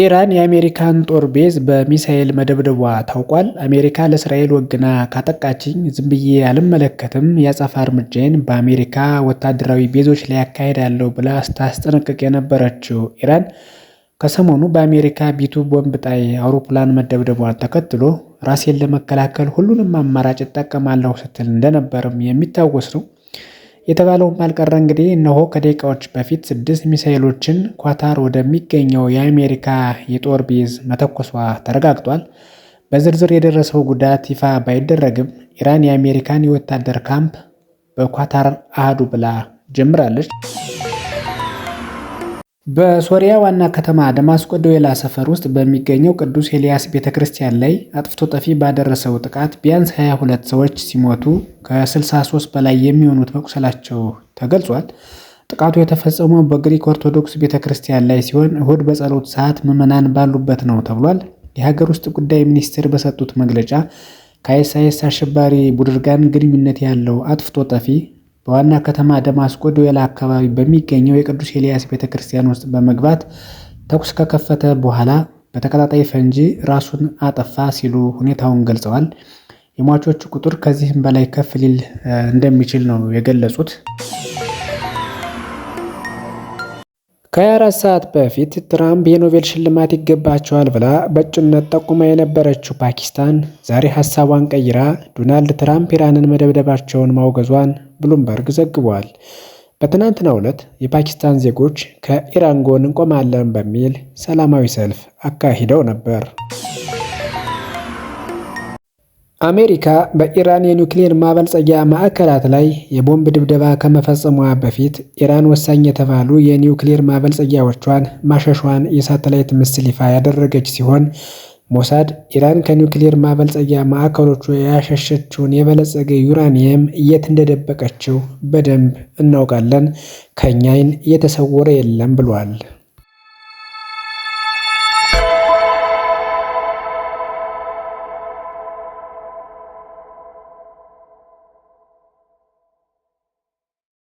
ኢራን የአሜሪካን ጦር ቤዝ በሚሳኤል መደብደቧ ታውቋል። አሜሪካ ለእስራኤል ወግና ካጠቃችኝ ዝም ብዬ አልመለከትም፣ የአጸፋ እርምጃዬን በአሜሪካ ወታደራዊ ቤዞች ላይ ያካሄዳለሁ ብላ ስታስጠነቅቅ የነበረችው ኢራን ከሰሞኑ በአሜሪካ ቢቱ ቦምብ ጣይ አውሮፕላን መደብደቧን ተከትሎ ራሴን ለመከላከል ሁሉንም አማራጭ እጠቀማለሁ ስትል እንደነበርም የሚታወስ ነው። የተባለውም አልቀረ እንግዲህ እነሆ ከደቂቃዎች በፊት ስድስት ሚሳኤሎችን ኳታር ወደሚገኘው የአሜሪካ የጦር ቤዝ መተኮሷ ተረጋግጧል። በዝርዝር የደረሰው ጉዳት ይፋ ባይደረግም ኢራን የአሜሪካን የወታደር ካምፕ በኳታር አህዱ ብላ ጀምራለች። በሶሪያ ዋና ከተማ ደማስቆ ደዌላ ሰፈር ውስጥ በሚገኘው ቅዱስ ኤልያስ ቤተ ክርስቲያን ላይ አጥፍቶ ጠፊ ባደረሰው ጥቃት ቢያንስ 22 ሰዎች ሲሞቱ ከ63 በላይ የሚሆኑት መቁሰላቸው ተገልጿል። ጥቃቱ የተፈጸመው በግሪክ ኦርቶዶክስ ቤተ ክርስቲያን ላይ ሲሆን እሁድ በጸሎት ሰዓት ምዕመናን ባሉበት ነው ተብሏል። የሀገር ውስጥ ጉዳይ ሚኒስትር በሰጡት መግለጫ ከአይሳይስ አሸባሪ ቡድን ጋር ግንኙነት ያለው አጥፍቶ ጠፊ በዋና ከተማ ደማስቆ ዶዌላ አካባቢ በሚገኘው የቅዱስ ኤልያስ ቤተ ክርስቲያን ውስጥ በመግባት ተኩስ ከከፈተ በኋላ በተቀጣጣይ ፈንጂ ራሱን አጠፋ ሲሉ ሁኔታውን ገልጸዋል። የሟቾቹ ቁጥር ከዚህም በላይ ከፍ ሊል እንደሚችል ነው የገለጹት። ከ24 ሰዓት በፊት ትራምፕ የኖቤል ሽልማት ይገባቸዋል ብላ በእጩነት ጠቁማ የነበረችው ፓኪስታን ዛሬ ሀሳቧን ቀይራ ዶናልድ ትራምፕ ኢራንን መደብደባቸውን ማውገዟን ብሉምበርግ ዘግቧል። በትናንትናው ዕለት የፓኪስታን ዜጎች ከኢራን ጎን እንቆማለን በሚል ሰላማዊ ሰልፍ አካሂደው ነበር። አሜሪካ በኢራን የኒውክሌር ማበልጸጊያ ማዕከላት ላይ የቦምብ ድብደባ ከመፈጸሟ በፊት ኢራን ወሳኝ የተባሉ የኒውክሌር ማበልጸጊያዎቿን ማሸሿን የሳተላይት ምስል ይፋ ያደረገች ሲሆን ሞሳድ ኢራን ከኒውክሌር ማበልጸጊያ ማዕከሎቹ ያሸሸችውን የበለጸገ ዩራኒየም የት እንደደበቀችው በደንብ እናውቃለን፣ ከእኛይን የተሰወረ የለም ብሏል።